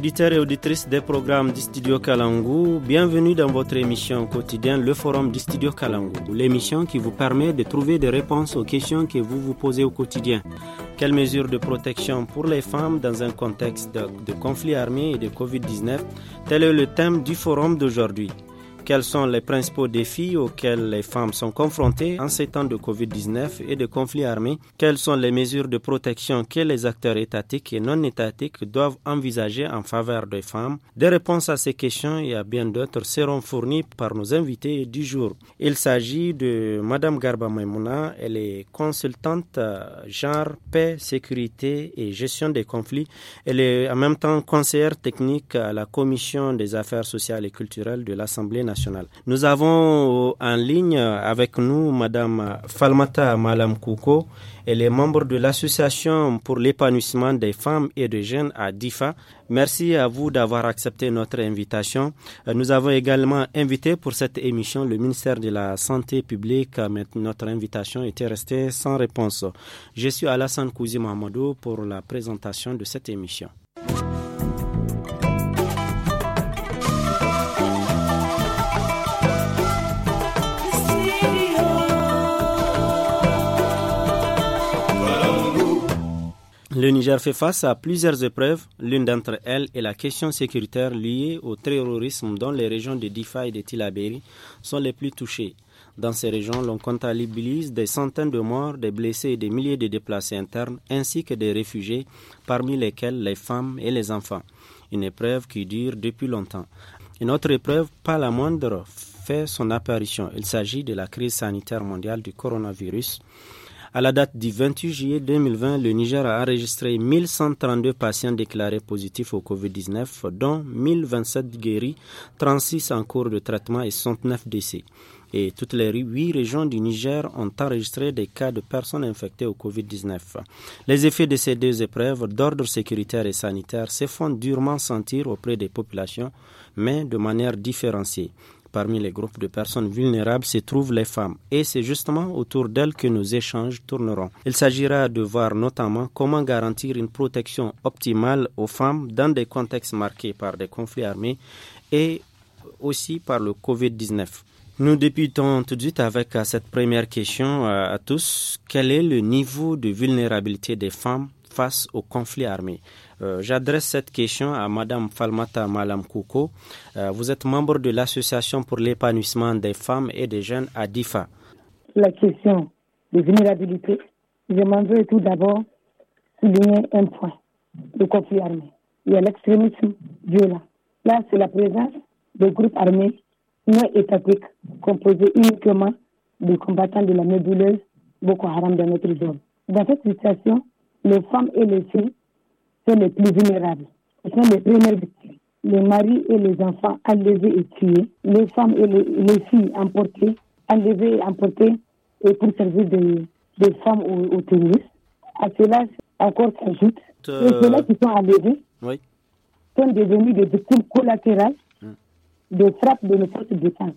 Auditeurs et auditrices des programmes du Studio Kalangu, bienvenue dans votre émission quotidienne Le Forum du Studio Kalangu, l'émission qui vous permet de trouver des réponses aux questions que vous vous posez au quotidien. Quelles mesures de protection pour les femmes dans un contexte de, de conflit armé et de Covid-19 Tel est le thème du forum d'aujourd'hui. Quels sont les principaux défis auxquels les femmes sont confrontées en ces temps de Covid-19 et de conflits armés Quelles sont les mesures de protection que les acteurs étatiques et non étatiques doivent envisager en faveur des femmes Des réponses à ces questions et à bien d'autres seront fournies par nos invités du jour. Il s'agit de Madame Garba Maimouna, elle est consultante euh, genre, paix, sécurité et gestion des conflits. Elle est en même temps conseillère technique à la Commission des affaires sociales et culturelles de l'Assemblée nationale nous avons euh, en ligne euh, avec nous Madame euh, Falmata Malam Kouko. Elle est membre de l'Association pour l'épanouissement des femmes et des jeunes à DIFA. Merci à vous d'avoir accepté notre invitation. Nous avons également invité pour cette émission le ministère de la Santé publique, mais notre invitation était restée sans réponse. Je suis Alassane Kouzi Mahamadou pour la présentation de cette émission. Le Niger fait face à plusieurs épreuves. L'une d'entre elles est la question sécuritaire liée au terrorisme dont les régions de Difa et de Tilaberi sont les plus touchées. Dans ces régions, l'on comptabilise des centaines de morts, des blessés et des milliers de déplacés internes, ainsi que des réfugiés, parmi lesquels les femmes et les enfants. Une épreuve qui dure depuis longtemps. Une autre épreuve, pas la moindre, fait son apparition. Il s'agit de la crise sanitaire mondiale du coronavirus à la date du 28 juillet 2020, le Niger a enregistré 1132 patients déclarés positifs au Covid-19, dont 1027 guéris, 36 en cours de traitement et 69 décès. Et toutes les huit régions du Niger ont enregistré des cas de personnes infectées au Covid-19. Les effets de ces deux épreuves d'ordre sécuritaire et sanitaire se font durement sentir auprès des populations, mais de manière différenciée. Parmi les groupes de personnes vulnérables se trouvent les femmes, et c'est justement autour d'elles que nos échanges tourneront. Il s'agira de voir notamment comment garantir une protection optimale aux femmes dans des contextes marqués par des conflits armés et aussi par le Covid-19. Nous débutons tout de suite avec euh, cette première question euh, à tous. Quel est le niveau de vulnérabilité des femmes face aux conflits armés euh, j'adresse cette question à Madame Falmata Malamkouko. Euh, vous êtes membre de l'Association pour l'épanouissement des femmes et des jeunes à DIFA. La question des vulnérabilités, je m'en veux tout d'abord souligner un point le conflit armé. Il y a l'extrémisme violent. Là, c'est la présence de groupes armés non étatiques composés uniquement de combattants de la nébuleuse Boko Haram dans notre zone. Dans cette situation, les femmes et les filles sont les plus vulnérables. Ce sont les premières victimes. Les maris et les enfants enlevés et tués, les femmes et les, filles emportées, enlevées et emportées et pour servir des, femmes au tennis. terroristes. À cela, encore s'ajoute, euh, ceux-là qui sont enlevés sont devenus des victimes collatérales hum. de des frappes de nos forces de défense.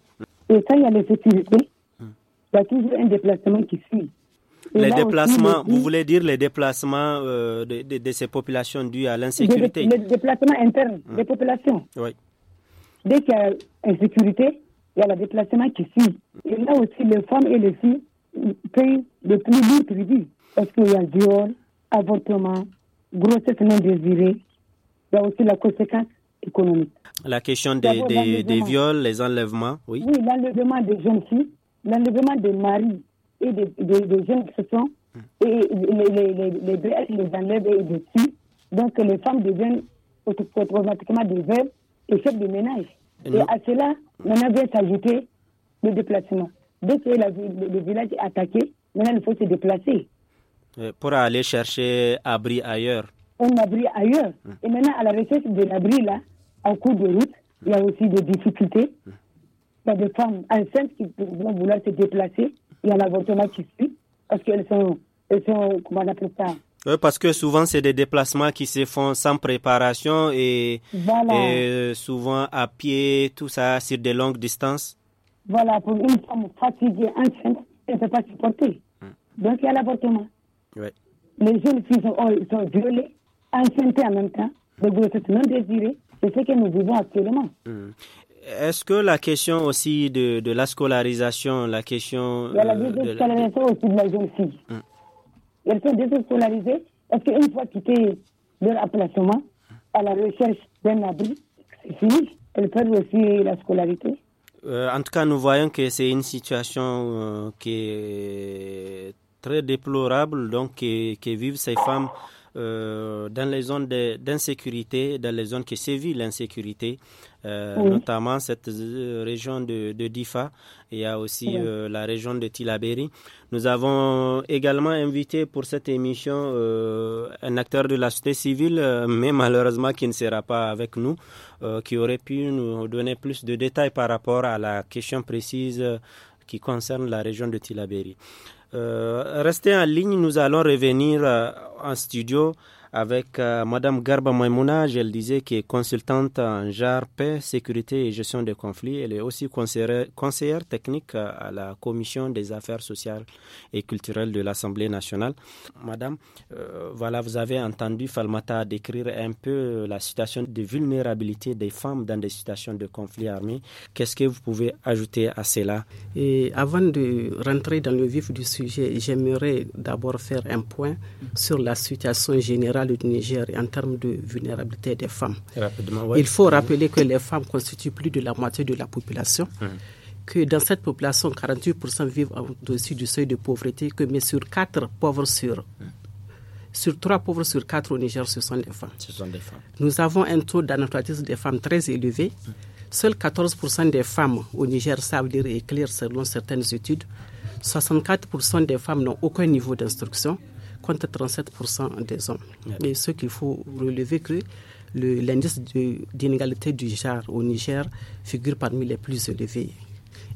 Et quand il y a les sécurités. Hum. Il y a toujours un déplacement qui suit. Les déplacements, vous voulez dire les déplacements euh, de, de, ces populations dues à l'insécurité Les déplacements internes mmh. des populations. Oui. Dès qu'il y a insécurité, il y a le déplacement qui suit. Et là aussi, les femmes et les filles payent le plus lourd Est-ce qu'il y a viol, avortement, grossesse non désirée. Il y a aussi la conséquence économique. La question des, des, des, viols, les enlèvements, oui. Oui, l'enlèvement des jeunes filles, l'enlèvement des maris et des, jeunes se jeunes hmm. et les, les, les, les les enlèvent et les tuent. Donc les femmes deviennent automatiquement des veuves et chefs de ménage. Et à cela, hmm. maintenant vient s'ajouter le déplacement. Dès que le, village est attaqué, maintenant il faut se déplacer. Euh, pour aller chercher abri ailleurs. Un abri ailleurs. Hmm. Et maintenant, à la recherche de l'abri, là, en cours de route, il y a aussi des difficultés. Il y a des femmes enceintes qui vont vouloir se déplacer il y a l'avortement qui suit, parce qu'elles sont, elles sont, comment on appelle ça oui, euh, parce que souvent, c'est des déplacements qui se font sans préparation et, euh, souvent à pied, tout ça, sur des longues distances. Voilà, pour une femme fatiguée, enceinte, elle ne peut pas supporter. Hmm. Donc, il y a l'avortement. Oui. Les jeunes filles oh, sont, violées, enceintes en même temps, de grossesse non désirée, C'est ce que nous vivons actuellement. Hmm. Est-ce que la question aussi de, de la scolarisation, la question... Il y la euh, désescolarisation de... aussi de la jeune fille. Hum. Elles sont désescolarisées ce qu'une fois quittées leur placement, à la recherche d'un abri, c'est fini. Elles perdent aussi la scolarité. Euh, en tout cas, nous voyons que c'est une situation euh, qui est très déplorable, donc que vivent ces femmes euh, dans les zones d'insécurité, dans les zones qui sévit l'insécurité, euh, notamment cette euh, région de, Difa. Il y a aussi la région de Tilaberi. Nous avons également invité pour cette émission un acteur de la société civile, mais malheureusement qui ne sera pas avec nous, qui aurait pu nous donner plus de détails par rapport à la question précise qui concerne la région de Tilaberi. Euh, restez en ligne, nous allons revenir euh, en studio avec euh, Madame Garba Maimouna. Elle disait qu'elle est consultante en genre paix, sécurité et gestion des conflits. Elle est aussi conseillère, technique euh, à la Commission des affaires sociales et culturelles de l'Assemblée nationale. Madame, euh, voilà, vous avez entendu Falmata décrire un peu la situation de vulnérabilité des femmes dans des situations de conflits armés. Qu'est-ce que vous pouvez ajouter à cela Et avant de rentrer dans le vif du sujet, j'aimerais d'abord faire un point sur la situation générale du Niger en termes de vulnérabilité des femmes. Il faut mhm. rappeler que les femmes constituent plus de la moitié de la population. Mhm. que dans cette population, 48% vivent au-dessus du seuil de pauvreté, que mais sur 4 pauvres sur sur trois pauvres sur 4 au Niger, ce sont, des femmes. Nous avons un taux d'analphabétisme des femmes très élevé. Mhm. Seuls 14% des femmes au Niger savent lire et écrire selon certaines études. 64% des femmes n'ont aucun niveau d'instruction compte 37% des hommes. Mais ce qu'il faut relever que l'indice d'inégalité du genre au Niger figure parmi les plus élevés.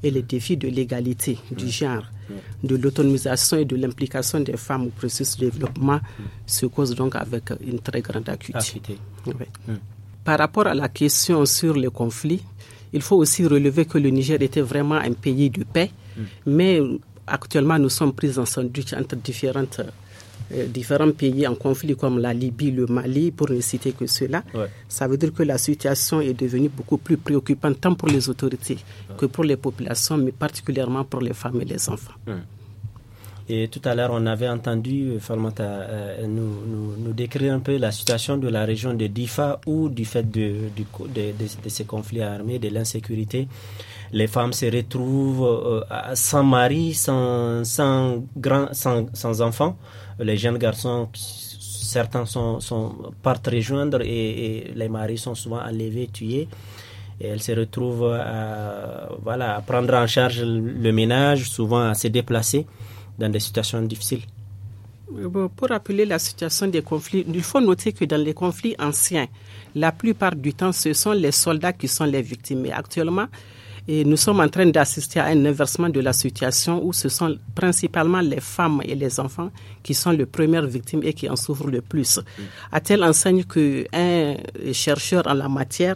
Et les défis de l'égalité du genre, de l'autonomisation et de l'implication des femmes au processus de développement se causent donc avec une très grande acuité. Par rapport à la question sur les conflits, il faut aussi relever que le Niger était vraiment un pays de paix, mm. mais actuellement nous sommes pris en sandwich entre différentes euh, différents pays en conflit comme la Libye, le Mali, pour ne citer que cela, ça veut dire que la situation est devenue beaucoup plus préoccupante tant pour les autorités que pour les populations, mais particulièrement pour les femmes et les enfants. Et tout à l'heure, on avait entendu euh, Falmata euh, nous, nous, nous, décrire un peu la situation de la région de Difa où, du fait de, du, de, de, de ces conflits armés, de l'insécurité, les femmes se retrouvent euh, sans mari, sans, sans, grand, sans, sans enfants. Les jeunes garçons certains sont, sont, partent rejoindre et, les maris sont souvent enlevés, tués. Et elles se retrouvent à, voilà, à prendre en charge le ménage, souvent à se déplacer dans des situations difficiles. Euh, pour rappeler la situation des conflits, il faut noter que dans les conflits anciens, la plupart du temps, ce sont les soldats qui sont les victimes. Mais actuellement, et nous sommes en train d'assister à un inversement de la situation où ce sont principalement les femmes et les enfants qui sont les premières victimes et qui en souffrent le plus. A t elle enseigne qu'un chercheur en la matière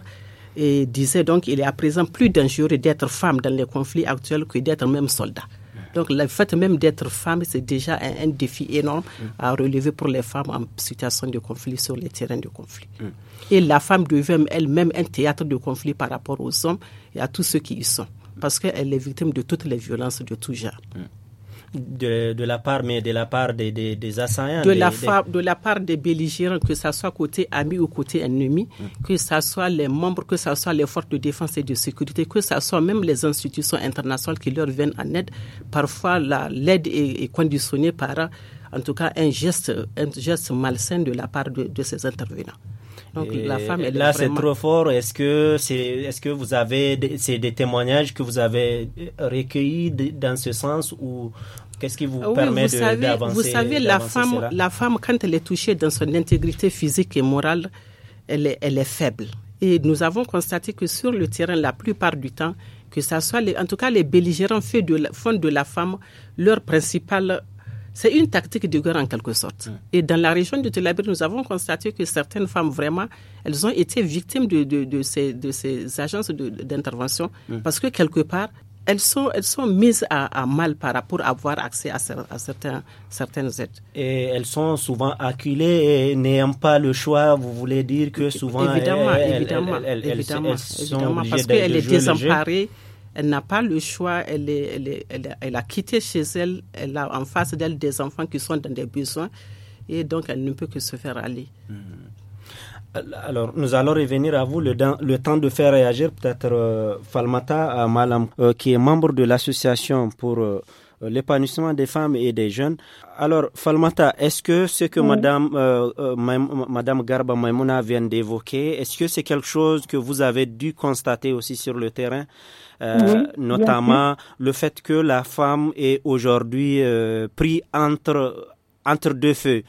disait donc il est à présent plus dangereux d'être femme dans les conflits actuels que d'être même soldat. Donc le fait même d'être femme, c'est déjà un, défi énorme à relever pour les femmes en situation de conflit sur les terrains de conflit. Mm. Et la femme devient elle-même un théâtre de conflit par rapport aux hommes et à tous ceux qui y sont, parce qu'elle est victime de toutes les violences de tout genre. Mm de, la part, mais de la part des, des, assaillants. De, la de la part des belligérants, que ce soit côté ami ou côté ennemi, mm. que ce soit les membres, que ce soit les forces de défense et de sécurité, que ce soit même les institutions internationales qui leur viennent en aide. Parfois, l'aide est, est conditionnée par, en tout cas, un geste, un geste malsain de la part de ces intervenants. Donc la femme, elle là, c'est trop fort. Est-ce que c'est, est-ce que vous avez, des, c'est des témoignages que vous avez recueillis dans ce sens ou qu'est-ce qui vous permet d'avancer Vous savez, la femme, la femme, quand elle est touchée dans son intégrité physique et morale, elle est, elle est faible. Et nous avons constaté que sur le terrain, la plupart du temps, que ça soit en tout cas les belligérants font de, la, de la femme leur principal c'est une tactique de guerre en quelque sorte. Et dans la région de Tel nous avons constaté que certaines femmes, vraiment, elles ont été victimes de, ces, agences d'intervention parce que quelque part, elles sont, elles sont mises à, mal par rapport à avoir accès à, certains, certaines aides. Et elles sont souvent acculées et n'ayant pas le choix, vous voulez dire que souvent évidemment, elles, évidemment, elles, sont évidemment, parce qu'elles sont désemparées. Elle n'a pas le choix, elle, elle, a, quitté chez elle, elle a en face d'elle des enfants qui sont dans des besoins et donc elle ne peut que se faire aller. Euh, alors, nous allons revenir à vous le, temps de faire réagir peut-être euh, Falmata Malam, euh, qui est membre de l'association pour l'épanouissement des femmes et des jeunes. Alors, Falmata, est-ce que ce que Madame, Madame Garba Maimouna vient d'évoquer, est-ce que c'est quelque chose que vous avez dû constater aussi sur le terrain euh, notamment le fait que la femme est aujourd'hui euh, prise entre, entre deux feux,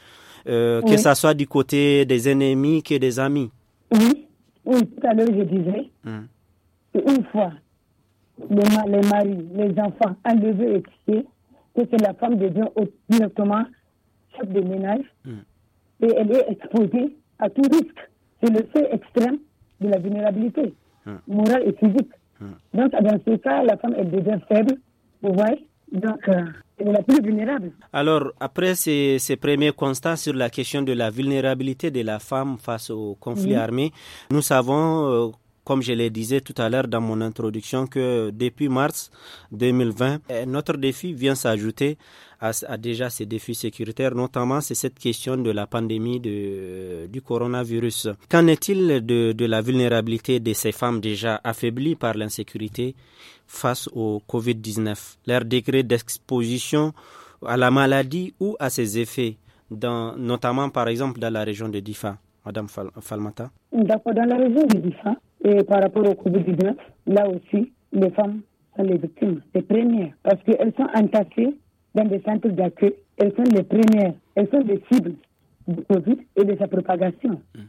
euh, que ce soit du côté des ennemis que des amis. Oui, oui tout à l'heure je disais, hmm. une fois, les, maris, les enfants enlevés et tués, que la femme devient directement chef de ménage hmm. et elle est exposée à tout risque. C'est le fait extrême de la vulnérabilité hmm. morale et physique. Mm. Donc, dans ce cas, la femme est déjà faible, vous voyez donc, euh, elle est la plus vulnérable. Alors, après ces, premiers constats sur la question de la vulnérabilité de la femme face au conflit mm-hmm. armé, nous savons euh, comme je le disais tout à l'heure dans mon introduction, que depuis mars 2020, euh, notre défi vient s'ajouter à déjà ses défis sécuritaires, notamment c'est cette question de la pandémie de, euh, du coronavirus. Qu'en est-il de, de la vulnérabilité de ces femmes déjà affaiblies par l'insécurité face au Covid-19 Leur degré d'exposition à la maladie ou à ses effets, dans, notamment par exemple dans la région de Difa Madame Falmata D'accord, dans la région de Difa, et par rapport au Covid-19, là aussi, les femmes sont les victimes, les premières, parce qu'elles sont entassées dans des centres d'accueil, elles sont les premières, elles sont les cibles du Covid et de sa propagation. Hmm.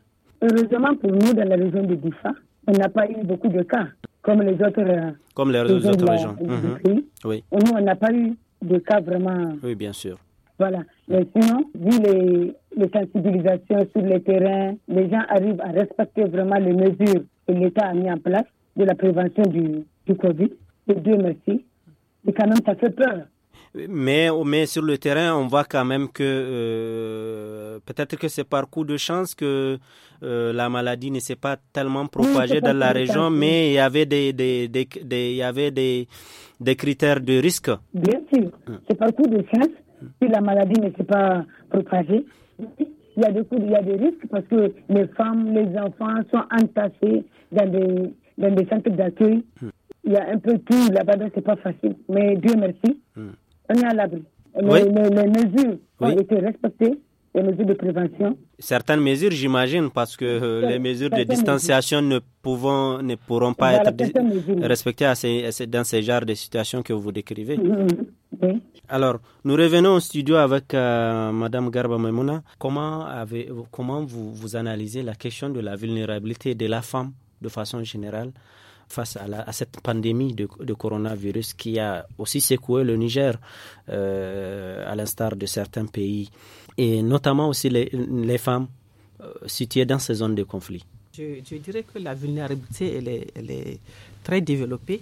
Heureusement pour nous, dans la région de Bifa, on n'a pas eu beaucoup de cas, comme les autres, euh, comme les autres régions. Euh, hmm. Oui. nous, on n'a pas eu de cas vraiment. Oui, bien sûr. Voilà. Mais sinon, vu les, les sensibilisations sur le terrain, les gens arrivent à respecter vraiment les mesures que l'État a mis en place de la prévention du, du Covid. Et Dieu merci. Et quand même, ça fait peur. Mais, mais sur le terrain, on voit quand même que euh, peut-être que c'est par coup de chance que euh, la maladie ne s'est pas tellement propagée dans la région, mais il y avait des, des, il y avait des, des critères de risque. Bien sûr, hum. c'est par coup de chance que la maladie ne s'est pas propagée. Il y, a des, il y a des risques parce que les femmes, les enfants sont entassés dans des, dans des centres d'accueil. Hum. Il y a un peu tout là-bas, donc c'est pas facile. Mais Dieu merci, on Les, mesures ont été respectées, les mesures de prévention. Certaines mesures, j'imagine, parce que euh, les mesures de distanciation ne, pouvons, ne pourront pas être respectées dans ces genres de situations que vous décrivez. Mm-hmm. Alors, nous revenons au studio avec euh, Madame Garba Maimouna. Comment, avez, comment vous, vous analysez la question de la vulnérabilité de la femme de façon générale face à, cette pandémie de, coronavirus qui a aussi secoué le Niger, euh, à l'instar de certains pays, et notamment aussi les, femmes euh, situées dans ces zones de conflit. Je, dirais que la vulnérabilité, elle est, très développée.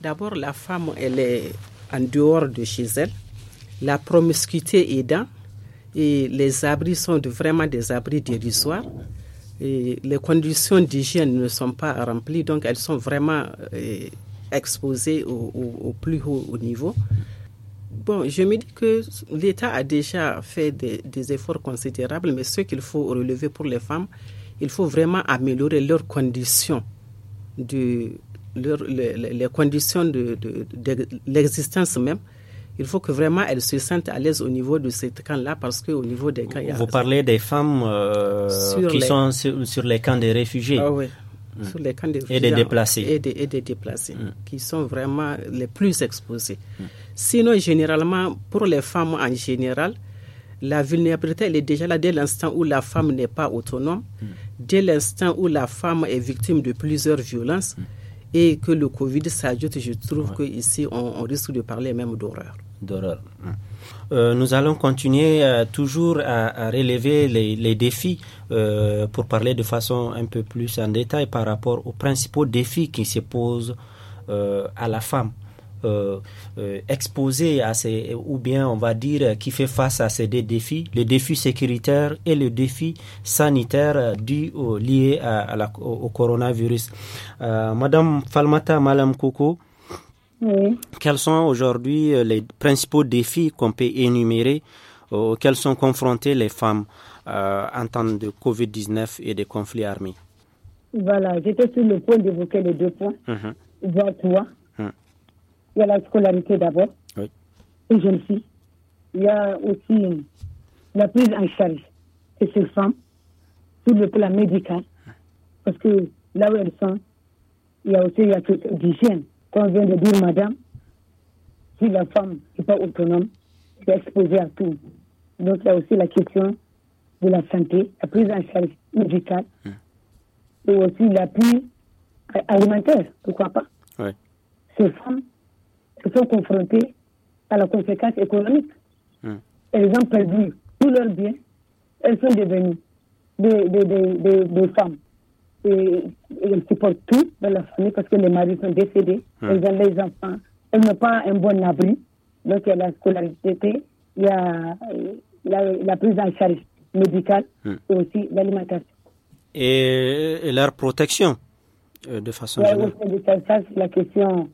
D'abord, la femme, elle est en dehors de chez elle. La promiscuité est dans et les abris sont de, vraiment des abris dérisoires les conditions d'hygiène ne sont pas remplies, donc elles sont vraiment euh, exposées au, plus haut niveau. Bon, je me dis que l'État a déjà fait des, efforts considérables, mais ce qu'il faut relever pour les femmes, il faut vraiment améliorer leurs conditions de, leur, les, conditions de l'existence même il faut que vraiment elles se sentent à l'aise au niveau de ces camps-là parce qu'au niveau des camps... Vous a... parlez des femmes euh, qui sont sur, les camps des réfugiés. Ah, oui. Mm. Sur les camps des Et des déplacés. Et des, déplacés, mm. qui sont vraiment les plus exposés. Mm. Sinon, généralement, pour les femmes en général, la vulnérabilité, elle est déjà là dès l'instant où la femme n'est pas autonome, dès l'instant où la femme est victime de plusieurs violences et que le Covid s'ajoute, je trouve que qu'ici, on risque de parler même d'horreur d'horreur. Euh, nous allons continuer euh, toujours à, relever les, défis euh, pour parler de façon un peu plus en détail par rapport aux principaux défis qui se posent à la femme. exposée à ces, ou bien on va dire qui fait face à ces deux défis, le défi sécuritaire et le défi sanitaire dû au, lié à, la, au, coronavirus. Madame Falmata, Madame Koko, quels sont aujourd'hui euh, les principaux défis qu'on peut énumérer euh, auxquels sont confrontées les femmes euh, en temps de Covid-19 et des conflits armés Voilà, j'étais sur le point d'évoquer les deux points. Vois mhm. toi. Mhm. Il y a la scolarité d'abord, oui. les jeunes filles. Il y a aussi la prise en charge de ces femmes sur le plan médical. Parce que là où elles sont, il y a aussi il y on vient de dire madame, si la femme n'est pas autonome, elle est exposée à tout. Donc il y a aussi la question de la santé, la prise en charge médicale mm. et aussi l'appui alimentaire, pourquoi pas. Ces femmes sont confrontées à la conséquence économique. Mm. Elles ont perdu tous leurs biens, elles sont devenues des femmes et, elles supportent tout dans la famille parce que les maris sont décédés, hum. elles ont les enfants, elles n'ont pas un bon abri. Donc il y a la scolarité, il y a la, prise en charge médicale hum. et aussi l'alimentation. Et, leur protection euh, de façon générale. Ça, c'est la question.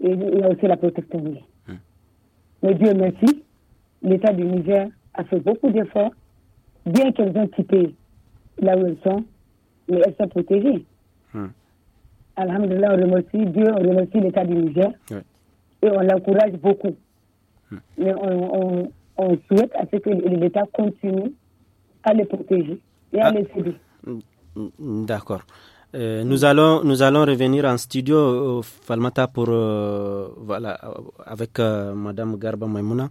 il y a aussi la protection. Hum. Mais Dieu merci, l'État du Niger a fait beaucoup d'efforts, bien qu'elles ont quitté là où elles sont, mais elles sont protégées. Hmm. Alhamdulillah, on remercie Dieu, on remercie l'État du Niger et on l'encourage beaucoup. Hmm. Mais on, on, souhaite à ce que l'État continue à les protéger et à ah. les aider. Hmm, d'accord. Euh, nous allons nous allons revenir en studio euh, Falmata pour euh, voilà avec Mme Garba Maimouna.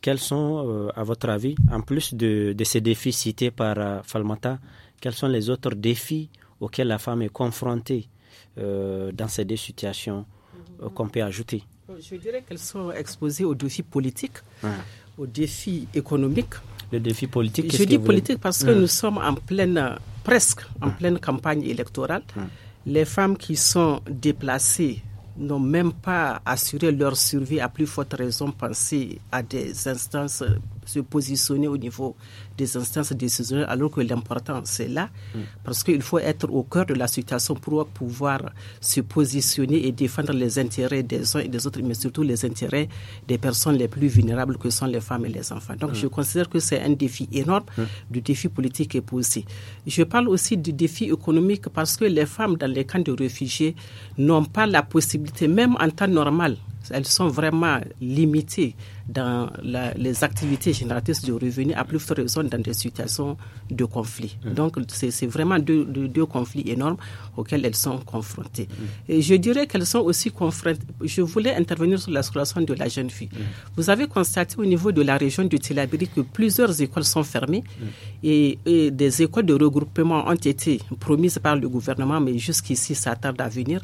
Quels sont, à votre avis, en plus de, de ces défis cités par Falmata, quels sont les autres défis auxquels la femme est confrontée euh, dans ces deux situations euh, qu'on peut ajouter Je dirais qu'elles sont exposées aux défis politiques, aux défis économiques. Le défi politique Je dis politique parce que nous sommes en pleine, presque en pleine campagne électorale. Les femmes qui sont déplacées n'ont même pas assuré leur survie, à plus forte raison penser à des instances se positionner au niveau des instances décisionnelles, alors que l'important, c'est là, mm. parce qu'il faut être au cœur de la situation pour pouvoir se positionner et défendre les intérêts des uns et des autres, mais surtout les intérêts des personnes les plus vulnérables que sont les femmes et les enfants. Donc, mm. je considère que c'est un défi énorme mm. du défi politique est posé. Je parle aussi du défi économique parce que les femmes dans les camps de réfugiés n'ont pas la possibilité, même en temps normal, elles sont vraiment limitées dans les activités génératrices de revenus, à plus forte raison dans des situations de conflit. Mm. Donc, c'est vraiment deux, deux, conflits énormes auxquels elles sont confrontées. Mm. Et je dirais qu'elles sont aussi confrontées. Je voulais intervenir sur la de la jeune fille. Mm. Vous avez constaté au niveau de la région du Tilabiri que plusieurs écoles sont fermées et, des écoles de regroupement ont été promises par le gouvernement, mais jusqu'ici, ça tarde à venir.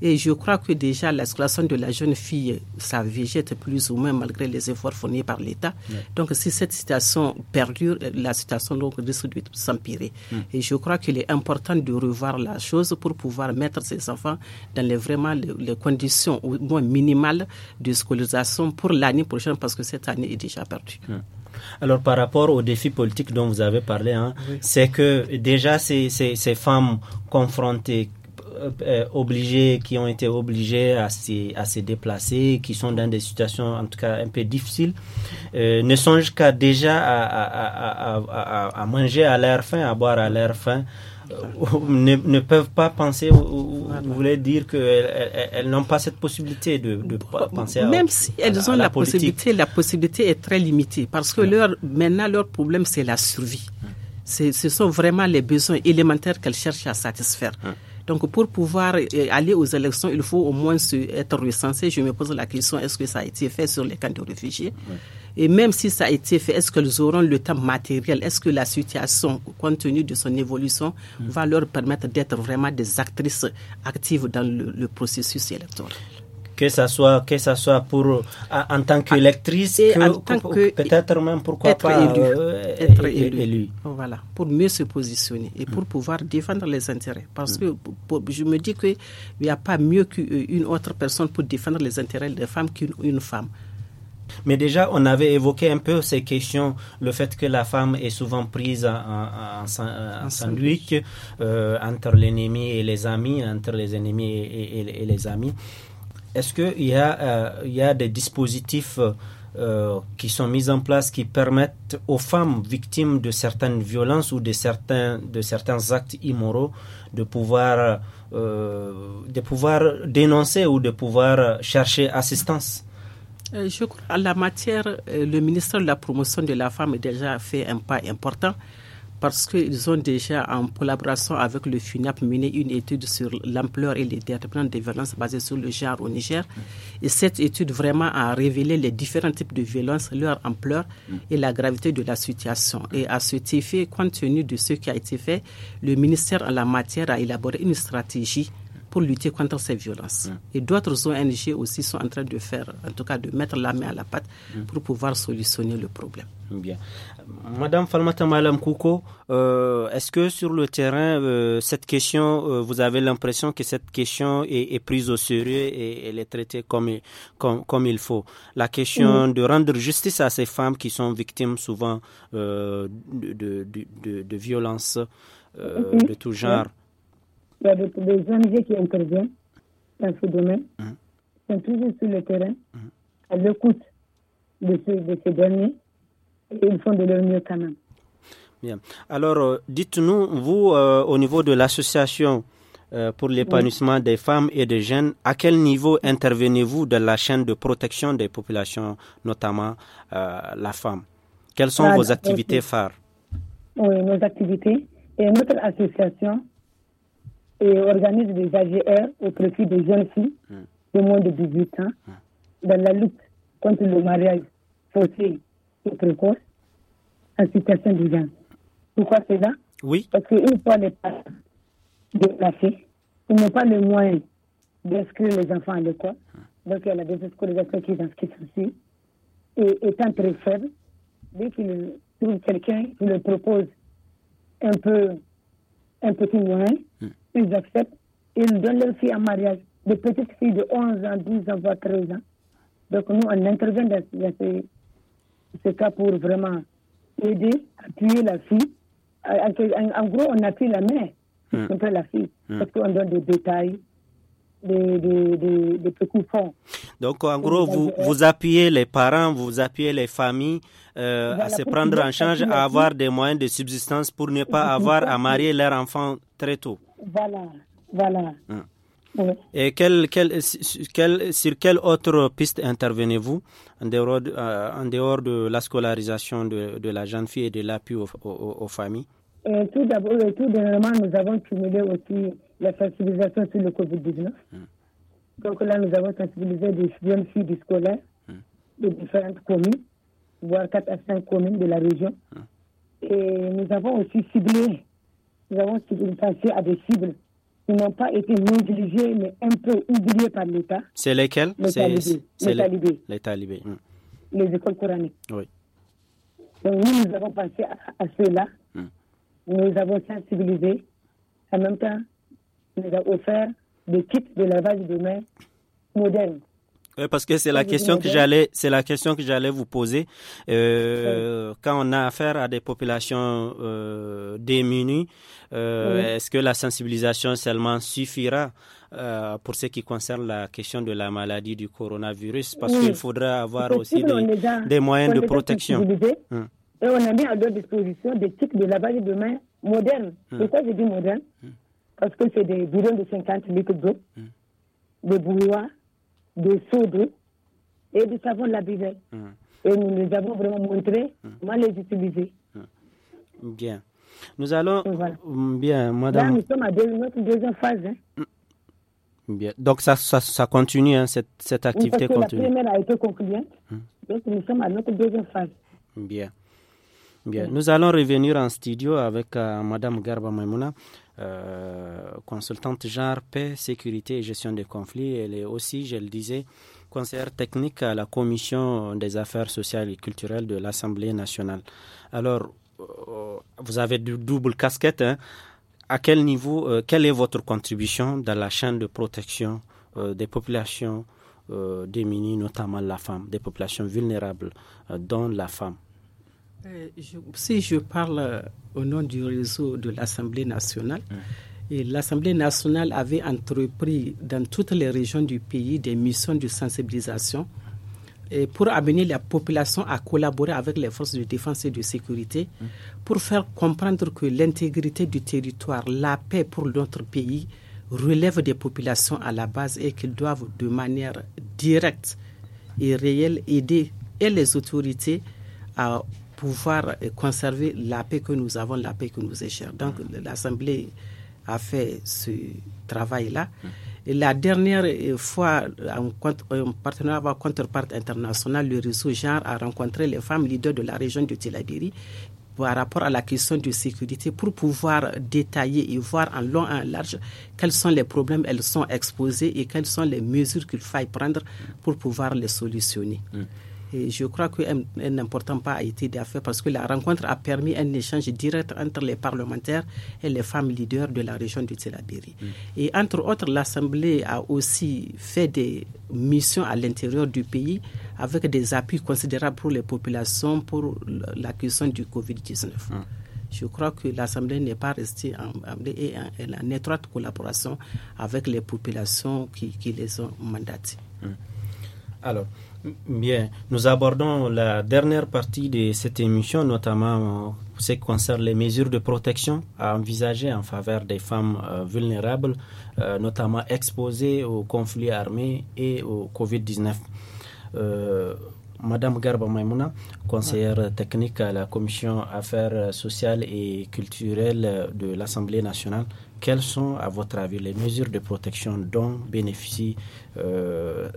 Et je crois que déjà, la de la jeune fille sa ça végète plus ou moins malgré les efforts fournis par l'État. Donc, si cette situation perdure, la situation donc, risque de s'empirer. Hmm. Et je crois qu'il est important de revoir la chose pour pouvoir mettre ces enfants dans les, vraiment les, conditions au moins minimales de scolarisation pour l'année prochaine parce que cette année est déjà perdue. Alors par rapport aux défis politiques dont vous avez parlé, hein, c'est que déjà ces, ces femmes confrontées euh, euh, obligés, qui ont été obligés à se, à se déplacer, qui sont dans des situations en tout cas un peu difficiles, euh, ne songent qu'à déjà à, à, à, manger à leur faim, à boire à leur faim. Ne, peuvent pas penser, vous, vous voulez dire qu'elles elles, n'ont pas cette possibilité de, de penser Même si elles ont la, possibilité, la possibilité est très limitée parce que leur, maintenant leur problème c'est la survie. Ce sont vraiment les besoins élémentaires qu'elles cherchent à satisfaire. Donc pour pouvoir euh, aller aux élections, il faut au moins être recensé. Je me pose la question, est-ce que ça a été fait sur les camps de réfugiés Et même si ça a été fait, est-ce qu'ils auront le temps matériel Est-ce que la situation, compte tenu de son évolution, mm. va leur permettre d'être vraiment des actrices actives dans le processus électoral que ça soit, que ça soit pour, euh, en tant ah, qu'électrice, que, peut-être même pourquoi pas euh, être élu. Voilà, pour mieux se positionner et pour mm. pouvoir défendre les intérêts. Parce mm. que je me dis que il n'y a pas mieux qu'une autre personne pour défendre les intérêts des femmes qu'une femme. Mais déjà, on avait évoqué un peu ces questions, le fait que la femme est souvent prise en, sandwich euh, entre l'ennemi et les amis, entre les ennemis et les amis est-ce qu'il y, a, euh, y a des dispositifs euh, euh, qui sont mis en place qui permettent aux femmes victimes de certaines violences ou de certains, actes immoraux de pouvoir, de pouvoir dénoncer ou de pouvoir chercher assistance en la matière, le ministre de la Promotion de la Femme a déjà fait un pas important parce qu'ils ont déjà, en collaboration avec le FUNAP, mené une étude sur l'ampleur et les déterminants des violences basées sur le genre au Niger. Et cette étude vraiment a révélé les différents types de violences, leur ampleur et la gravité de la situation. Et à cet effet, compte tenu de ce qui a été fait, le ministère en la matière a élaboré une stratégie pour lutter contre ces violences. Et d'autres ONG aussi sont en train de faire, en tout cas de mettre la main à la pâte pour pouvoir solutionner le problème. Bien. Madame Falmata Malam Kouko, euh, est-ce que sur le terrain, euh, cette question, euh, vous avez l'impression que cette question est, prise au sérieux et elle est traitée comme, comme, comme il faut La question mm. de rendre justice à ces femmes qui sont victimes souvent de, de, de, violences mm-hmm. de tout genre. Il y a des, des ONG qui interviennent dans ce domaine, mmh. sont toujours sur le terrain, mmh. à de, ces derniers, et ils font de leur mieux quand même. Bien. Alors, euh, dites-nous, vous, euh, au niveau de l'association euh, pour l'épanouissement des femmes et des jeunes, à quel niveau intervenez-vous dans la chaîne de protection des populations, notamment la femme Quelles sont ah, vos activités phares Oui, nos activités. Et notre association, et organise des AGR au profit des jeunes filles hmm. de moins de 18 ans hmm. dans la lutte contre le mariage forcé et précoce en situation de genre. Pourquoi cela Oui. Parce n'ont pas les parents déplacés, ils n'ont pas les moyens d'inscrire les enfants à l'école. Hmm. Donc il y a la désescolarisation qui dans ce qui Et étant très faible, dès qu'ils trouvent quelqu'un qui leur propose un peu un petit moyen, ils acceptent ils donnent leur fille en mariage, des petites filles de 11 ans, 12 ans, voire 13 ans. Donc nous, on intervient dans, ces cas pour vraiment aider, appuyer la fille. En, gros, on appuie la mère mmh. Hum. contre la fille, hum. parce qu'on donne des détails, des, des, des, Donc, en gros, euh, vous, appuyez les parents, vous appuyez les familles euh, à se prendre en charge, à avoir des moyens de subsistance pour ne pas avoir à marier leur enfant très tôt. Voilà, voilà. Ah. Et quel, quel, quel, sur quelle autre piste intervenez-vous en dehors, de, euh, en dehors de la scolarisation de, de la jeune fille et de l'appui aux, aux, familles euh, Tout d'abord, euh, tout nous avons cumulé aussi la sensibilisation sur le Covid-19. Hum. Donc là, nous avons sensibilisé des jeunes filles du scolaire hum. de différentes communes, voire 4 à 5 communes de la région. Hum. Et nous avons aussi ciblé nous avons pensé à des cibles qui n'ont pas été négligées, mais un peu oubliées par l'État. C'est lesquelles Les talibés. Les, talibés. Hmm. les écoles coraniques. Oui. Donc nous, nous avons pensé à, cela. Hmm. Nous avons sensibilisé. En même temps, nous avons offert des kits de lavage de mains modernes. Oui, parce que c'est la question que j'allais, c'est la question que j'allais vous poser. Euh, quand on a affaire à des populations euh, démunies, euh, est-ce que la sensibilisation seulement suffira pour ce qui concerne la question de la maladie du coronavirus Parce qu'il faudra avoir aussi des, moyens de protection. Hum. Et on a mis à leur disposition des types de lavage de mains modernes. Hum. Pourquoi j'ai dit je moderne, hum. parce que c'est des bidons de 50 litres d'eau, de bouilloires de seau et du savon de la bivelle. Et nous les mm. avons vraiment montrés, mm. comment les utiliser. Mm. Bien. Nous allons. Voilà. Bien, madame. Là, nous sommes à notre deuxième phase. Hein. Bien. Donc, ça, ça, continue, hein, cette, cette activité continue. La première a été concluante. Donc, nous sommes à notre deuxième phase. Bien. Bien, mm. nous allons revenir en studio avec Mme euh, Madame Garba Maimouna, euh, consultante genre paix, sécurité et gestion des conflits. Elle est aussi, je le disais, conseillère technique à la Commission des affaires sociales et culturelles de l'Assemblée nationale. Alors, euh, vous avez du double casquette. Hein. À quel niveau, quelle est votre contribution dans la chaîne de protection des populations démunies, notamment la femme, des populations vulnérables, dont la femme euh, si je parle euh, au nom du réseau de l'Assemblée nationale, l'Assemblée nationale avait entrepris dans toutes les régions du pays des missions de sensibilisation et pour amener la population à collaborer avec les forces de défense et de sécurité, pour faire comprendre que l'intégrité du territoire, la paix pour notre pays relève des populations à la base et qu'ils doivent de manière directe et réelle aider et les autorités à pouvoir conserver la paix que nous avons, la paix que nous est chère. Donc mm. l'Assemblée a fait ce travail-là. Mm. Et la dernière euh, fois, en, partenariat avec Counterpart International, le réseau Genre a rencontré les femmes leaders de la région de Tilabiri par rapport à la question de sécurité pour pouvoir détailler et voir en long et en large quels sont les problèmes elles sont exposées et quelles sont les mesures qu'il faille prendre pour pouvoir les solutionner. Mm. Et je crois qu'un important pas a été fait parce que la rencontre a permis un échange direct entre les parlementaires et les femmes leaders de la région du Télabéry. Mm. Et entre autres, l'Assemblée a aussi fait des missions à l'intérieur du pays avec des appuis considérables pour les populations pour la question du Covid-19. Ah. je crois que l'Assemblée n'est pas restée en, étroite collaboration avec les populations qui, qui les ont mandatées. Alors, Bien, nous abordons la dernière partie de cette émission, notamment euh, ce qui concerne les mesures de protection à envisager en faveur des femmes euh, vulnérables, euh, notamment exposées aux conflits armés et au Covid-19. Euh, Madame Garba Maimouna, conseillère technique à la Commission Affaires sociales et culturelles de l'Assemblée nationale, quelles sont, à votre avis, les mesures de protection dont bénéficient, euh,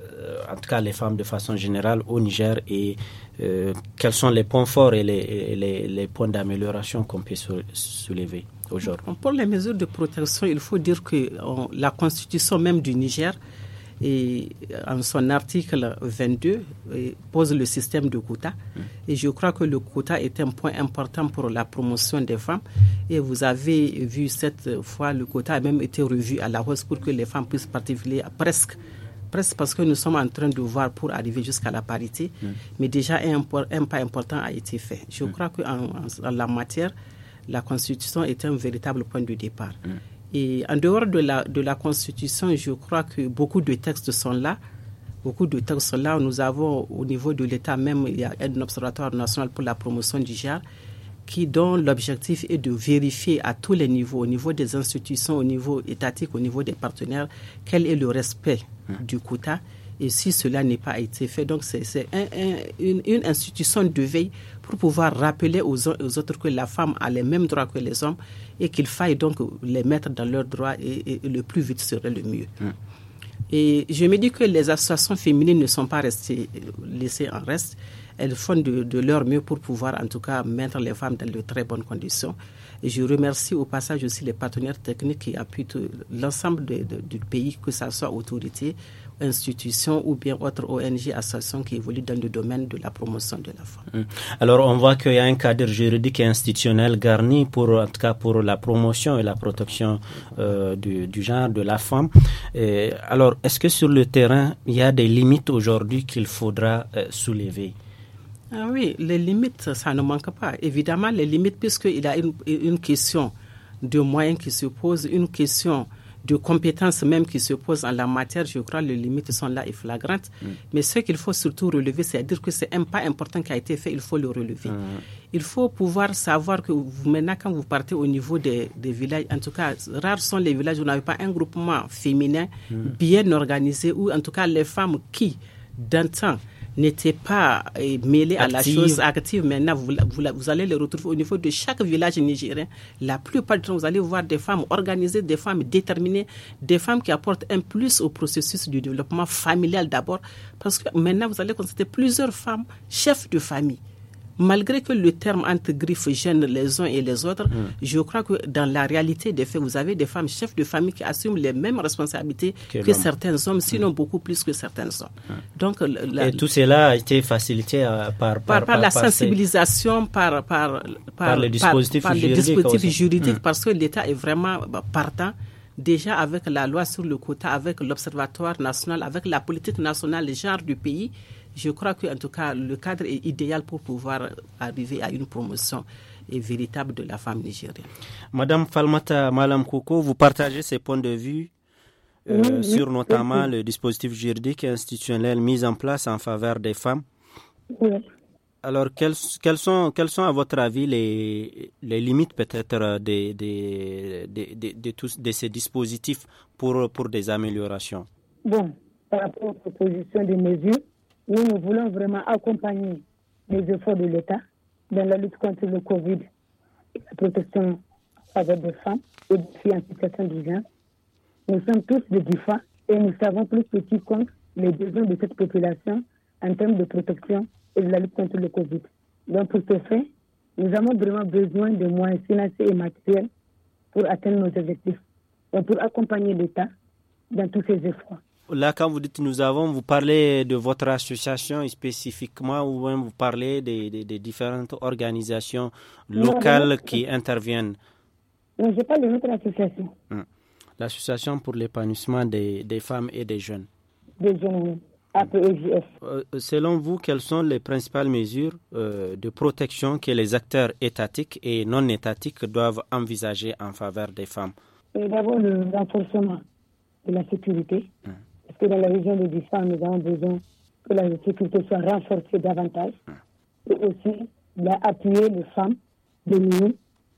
en tout cas, les femmes de façon générale au Niger et euh, quels sont les points forts et les, points d'amélioration qu'on peut soulever aujourd'hui Pour les mesures de protection, il faut dire que euh, la constitution même du Niger et euh, en son article 22 euh, pose le système de quota. Mm. Et je crois que le quota est un point important pour la promotion des femmes. Et vous avez vu cette fois, le quota a même été revu à la hausse pour que les femmes puissent participer presque presque parce que nous sommes en train de voir pour arriver jusqu'à la parité, mm. mais déjà un, pas important a été fait. Je mm. crois qu'en en, la matière, la Constitution est un véritable point de départ. Et en dehors de la, de la Constitution, je crois que beaucoup de textes sont là. Beaucoup de textes sont là. Nous avons au niveau de l'État même, il y a un observatoire national pour la promotion du genre qui dont l'objectif est de vérifier à tous les niveaux, au niveau des institutions, au niveau étatique, au niveau des partenaires, quel est le respect hum. du quota et si cela n'est pas été fait, donc c'est une, institution de veille pour pouvoir rappeler aux, aux, autres que la femme a les mêmes droits que les hommes et qu'il faille donc les mettre dans leurs droits et, le plus vite serait le mieux. Hum. Et je me dis que les associations féminines ne sont pas restées, laissées en reste. Elles font de, leur mieux pour pouvoir, en tout cas, mettre les femmes dans de très bonnes conditions. Et je remercie au passage aussi les partenaires techniques qui appuient l'ensemble du pays, que ce soit autorité, institution ou bien autre ONG, association qui évolue dans le domaine de la promotion de la femme. Alors on voit qu'il y a un cadre juridique et institutionnel garni pour, en tout cas pour la promotion et la protection euh, du, du, genre de la femme. alors est-ce que sur le terrain, il y a des limites aujourd'hui qu'il faudra euh, soulever ah Oui, les limites, ça ne manque pas. Évidemment, les limites, puisqu'il y a une, une question de moyens qui se pose, une question de compétences même qui se posent en la matière, je crois les limites sont là et flagrantes. Mm. Mais ce qu'il faut surtout relever, c'est-à-dire que c'est un pas important qui a été fait, il faut le relever. Mm. Il faut pouvoir savoir que maintenant, quand vous partez au niveau des, des, villages, en tout cas, rares sont les villages où vous n'avez pas un groupement féminin mm. bien organisé, ou en tout cas les femmes qui, d'un temps n'étaient pas euh, mêlés à la chose active. Maintenant, vous, vous, allez les retrouver au niveau de chaque village nigérien. La plupart du temps, vous allez voir des femmes organisées, des femmes déterminées, des femmes qui apportent un plus au processus du développement familial d'abord. Parce que maintenant, vous allez constater plusieurs femmes chefs de famille malgré que le terme entre griffes gêne les uns et les autres, mm. je crois que dans la réalité des faits, vous avez des femmes chefs de famille qui assument les mêmes responsabilités que, certains hommes, sinon mm. beaucoup plus que certains hommes. Mm. Donc, et tout cela a été facilité euh, par, par, la sensibilisation, par, par, par, les dispositifs juridiques, parce que l'État est vraiment bah, partant déjà avec la loi sur le quota, avec l'Observatoire national, avec la politique nationale, le genre du pays, je crois en tout cas, le cadre est idéal pour pouvoir arriver à une promotion eh, véritable de la femme nigérienne. Madame Falmata Madame Koko, vous partagez ces points de vue euh, sur notamment le dispositif juridique et institutionnel mis en place en faveur des femmes. Alors, quelles, sont, sont, à votre avis, les, limites peut-être de, de ces dispositifs pour, pour des améliorations Bon, par rapport aux propositions des mesures, nous, nous voulons vraiment accompagner les efforts de l'État dans la lutte contre le Covid et la protection en faveur des femmes et des filles en situation d'urgence. Nous sommes tous des DIFA et nous savons plus que compte les besoins de cette population en termes de protection et de la lutte contre le Covid. Donc, pour ce faire, nous avons vraiment besoin de moyens financiers et matériels pour atteindre nos objectifs, et pour accompagner l'État dans tous ses efforts. Là, quand vous dites nous avons, vous parlez de votre association spécifiquement ou même vous parlez des, des, différentes organisations locales qui interviennent Non, je parle de votre association. Hmm. L'association pour l'épanouissement des, des, femmes et des jeunes. Des jeunes, oui. E euh, euh, selon vous, quelles sont les principales mesures euh, de protection que les acteurs étatiques et non étatiques doivent envisager en faveur des femmes D'abord, le renforcement de la sécurité. Hmm. Parce que dans la région de Dissan, nous avons besoin que la sécurité soit renforcée davantage. Hum. Et aussi, d'appuyer les femmes de l'UNI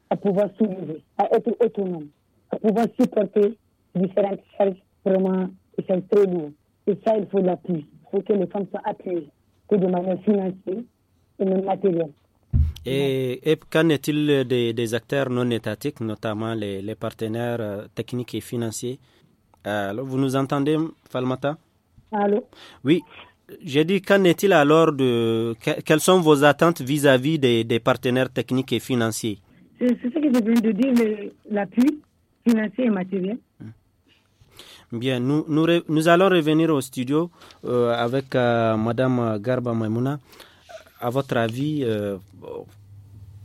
à pouvoir soulever, à être autonomes, à pouvoir supporter différentes charges vraiment et très lourdes. Et ça, il faut l'appui. Il faut que les femmes soient appuyées, que de manière financière et même matérielle. Et, et qu'en est-il des, acteurs non étatiques, notamment les, partenaires euh, techniques et financiers euh, vous nous entendez, Falmata Allô Oui. J'ai dit, qu'en est-il alors de. Quelles sont vos attentes vis-à-vis des, partenaires techniques et financiers C'est ce que je viens de dire, l'appui financier et matériel. Hmm. Bien, nous, allons revenir au studio euh, avec euh, Madame Garba Maimouna. À votre avis,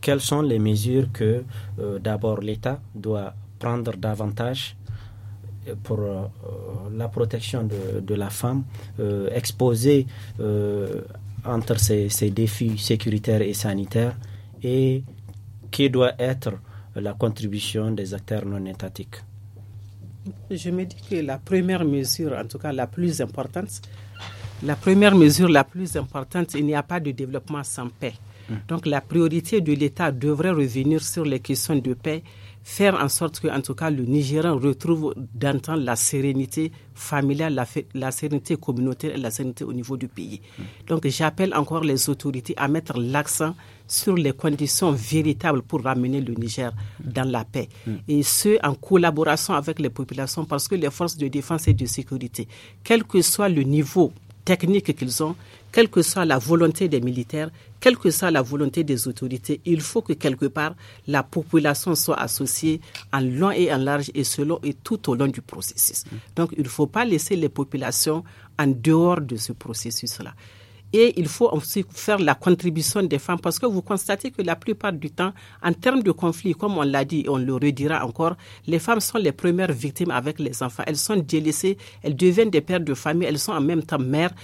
quelles sont les mesures que d'abord l'État doit prendre davantage pour euh, euh, la protection de, de la femme euh, exposée entre ces, ces, défis sécuritaires et sanitaires et qui doit être la contribution des acteurs non étatiques. Je me dis que la première mesure, en tout cas la plus importante, la première mesure la plus importante, il n'y a pas de développement sans paix. Hum. Donc la priorité de l'État devrait revenir sur les questions de paix, faire en sorte que, en tout cas, le Nigérian retrouve temps la sérénité familiale, la, sérénité communautaire et la sérénité au niveau du pays. Donc, j'appelle encore les autorités à mettre l'accent sur les conditions véritables pour ramener le Niger dans la paix. Et ce, en collaboration avec les populations, parce que les forces de défense et de sécurité, quel que soit le niveau techniques qu'ils ont, quelle que soit la volonté des militaires, quelle que soit la volonté des autorités, il faut que quelque part la population soit associée en long et en large et selon et tout au long du processus. Mm. Donc il ne faut pas laisser les populations en dehors de ce processus-là. Et il faut aussi faire la contribution des femmes parce que vous constatez que la plupart du temps, en termes de conflit, comme on l'a dit et on le redira encore, les femmes sont les premières victimes avec les enfants. Elles sont délaissées, elles deviennent des pères de famille, elles sont en même temps mères,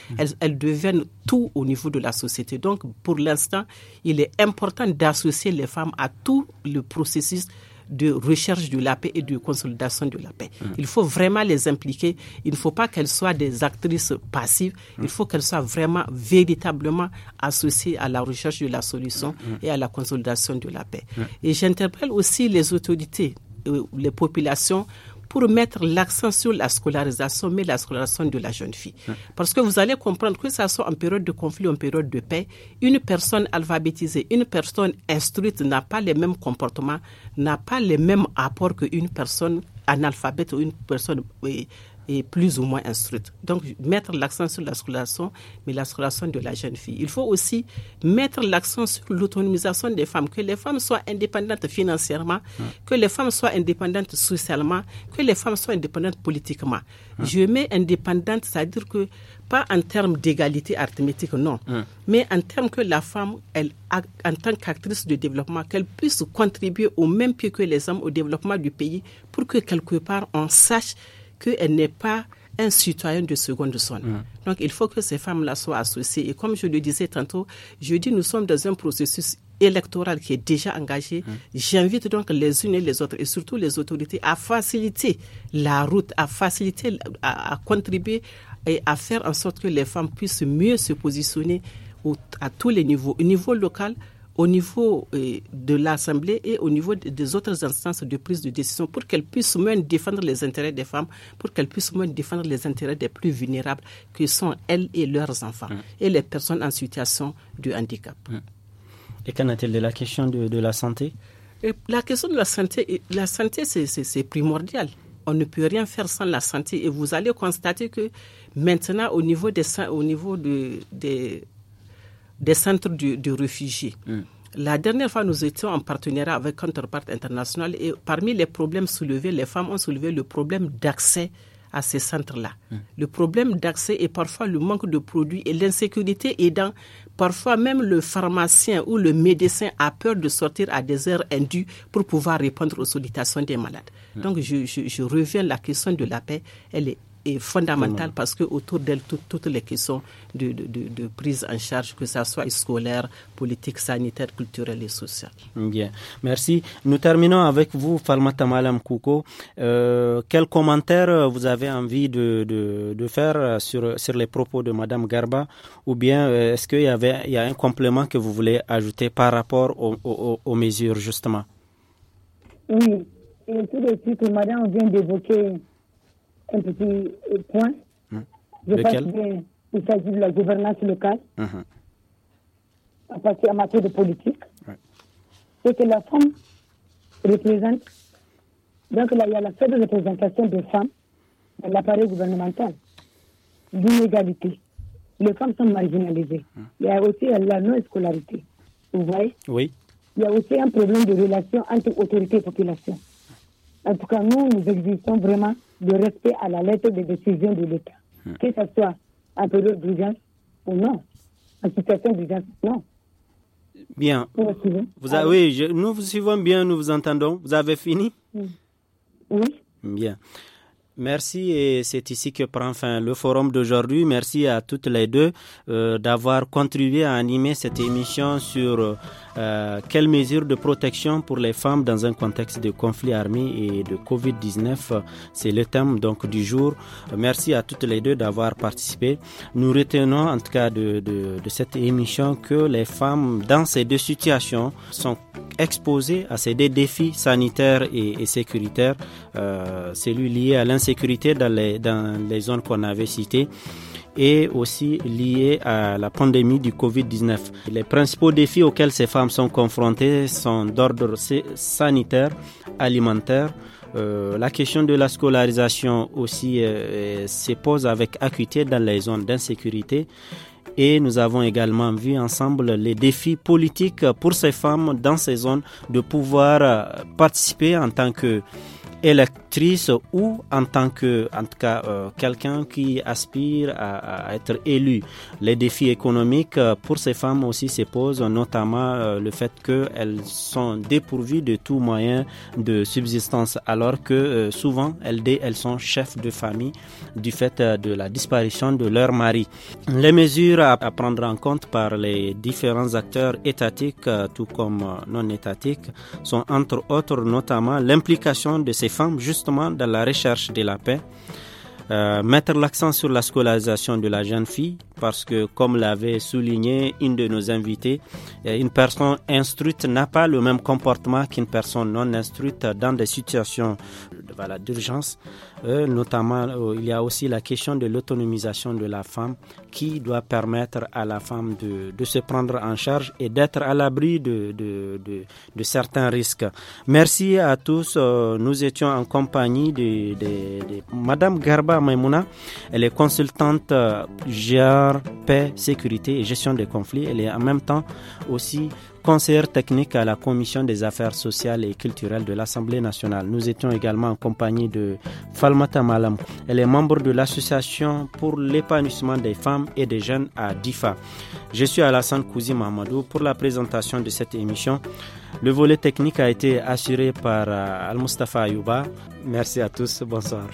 elles deviennent tout au niveau de la société. Donc, pour l'instant, il est important d'associer les femmes à tout le processus de recherche de la paix et de consolidation de la paix. Il faut vraiment les impliquer. Il ne faut pas qu'elles soient des actrices passives. Il faut qu'elles soient vraiment, véritablement associées à la recherche de la solution et à la consolidation de la paix. Et j'interpelle aussi les autorités, euh, les populations, pour mettre l'accent sur la scolarisation, mais la scolarisation de la jeune fille. Parce que vous allez comprendre que ça soit en période de conflit ou en période de paix, une personne alphabétisée, une personne instruite n'a pas les mêmes comportements, n'a pas les mêmes apports une personne analphabète ou une personne est plus ou moins instruite. Donc, mettre l'accent sur la scolarisation, mais la scolarisation de la jeune fille. Il faut aussi mettre l'accent sur l'autonomisation des femmes, que les femmes soient indépendantes financièrement, ah. que les femmes soient indépendantes socialement, que les femmes soient indépendantes politiquement. Ah. Je mets indépendante, c'est-à-dire que pas en termes d'égalité arithmétique, non, ah. mais en termes que la femme, elle, en tant qu'actrice de développement, qu'elle puisse contribuer au même pied que les hommes au développement du pays pour que quelque part on sache qu'elle n'est pas un citoyen de seconde zone. Donc il faut que ces femmes-là soient associées. Et comme je le disais tantôt, je dis nous sommes dans un processus électoral qui est déjà engagé. J'invite donc les unes et les autres, et surtout les autorités, à faciliter la route, à faciliter, à, contribuer et à faire en sorte que les femmes puissent mieux se positionner à tous les niveaux, au niveau local, au niveau euh, de l'Assemblée et au niveau des autres instances de prise de décision pour qu'elles puissent même défendre les intérêts des femmes, pour qu'elles puissent même défendre les intérêts des plus vulnérables qui sont elles et leurs enfants et les personnes en situation de handicap. Et qu'en est-il de la question de, de la santé et euh, La question de la santé, euh, la santé c'est primordial on ne peut rien faire sans la santé. Et vous allez constater que maintenant, au niveau des, au niveau de, des des centres de, réfugiés. Mm. La dernière fois, nous étions en partenariat avec Counterpart International et parmi les problèmes soulevés, les femmes ont soulevé le problème d'accès à ces centres-là. Mm. Le problème d'accès est parfois le manque de produits et l'insécurité aidant. Parfois même le pharmacien ou le médecin a peur de sortir à des heures indues pour pouvoir répondre aux sollicitations des malades. Mm. Donc je, je reviens à la question de la paix, elle est est fondamentale parce que autour d'elle, toutes les questions de, prise en charge, que ce soit scolaire, politique, sanitaire, culturelle et sociale. Bien, merci. Nous terminons avec vous, Falmatamalam Malam Kouko. Euh, quel commentaire vous avez envie de, faire sur, sur les propos de Madame Garba Ou bien euh, est-ce qu'il y, avait, il y a un complément que vous voulez ajouter par rapport aux, mesures, justement Oui, et tout de suite, Madame vient d'évoquer un petit point. Hum. Je s'agit de la gouvernance locale, hum, hum. En -huh. parce matière de politique, c'est que la femme représente. Donc là, il y a la faible représentation des femmes dans l'appareil gouvernemental, l'inégalité. Les femmes sont marginalisées. Il y a aussi la non-scolarité. Vous voyez Oui. Il y a aussi un problème de relation entre autorité et population. En tout cas, nous, nous existons vraiment de respect à la lettre des décisions de l'État, hein. que ce soit en période ou non, en situation d'urgence, non. Bien. Vous, oui, nous vous suivons bien, nous vous entendons. Vous avez fini Oui. Bien. Merci et c'est ici que prend fin le forum d'aujourd'hui. Merci à toutes les deux euh, d'avoir contribué à animer cette émission sur euh, quelles mesures de protection pour les femmes dans un contexte de conflit armé et de Covid-19. C'est le thème donc du jour. Merci à toutes les deux d'avoir participé. Nous retenons en tout cas de, cette émission que les femmes dans ces deux situations sont exposées à ces deux défis sanitaires et sécuritaires euh, celui lié à l'insécurité dans les, dans les zones qu'on avait citées et aussi lié à la pandémie du Covid-19. Les principaux défis auxquels ces femmes sont confrontées sont d'ordre sanitaire, alimentaire, euh, la question de la scolarisation aussi euh, se pose avec acuité dans les zones d'insécurité. Et nous avons également vu ensemble les défis politiques pour ces femmes dans ces zones de pouvoir participer en tant que إلك ou en tant que, en tout cas, euh, quelqu'un qui aspire à, être élu. Les défis économiques euh, pour ces femmes aussi se posent, notamment euh, le fait qu'elles sont dépourvues de tout moyen de subsistance, alors que souvent elles, elles sont chefs de famille du fait de la disparition de leur mari. Les mesures à, prendre en compte par les différents acteurs étatiques, tout comme non étatiques, sont entre autres notamment l'implication de ces femmes justement dans la recherche de la paix, euh, mettre l'accent sur la scolarisation de la jeune fille, parce que, comme l'avait souligné une de nos invités, euh, une personne instruite n'a pas le même comportement qu'une personne non instruite dans des situations d'urgence. Euh, notamment, euh, il y a aussi la question de l'autonomisation de la femme qui doit permettre à la femme de, se prendre en charge et d'être à l'abri de, de, certains risques. Merci à tous. nous étions en compagnie de, Madame Garba Maimouna. Elle est consultante paix, sécurité et gestion des conflits. Elle est en même temps aussi conseillère technique à la Commission des affaires sociales et culturelles de l'Assemblée nationale. Nous étions également en compagnie de Falmata Malam. Elle est membre de l'Association pour l'épanouissement des femmes et des jeunes à DIFA. Je suis Alassane Kouzi Mamadou pour la présentation de cette émission. Le volet technique a été assuré par euh, Al-Mustafa Ayouba. Merci à tous. Bonsoir.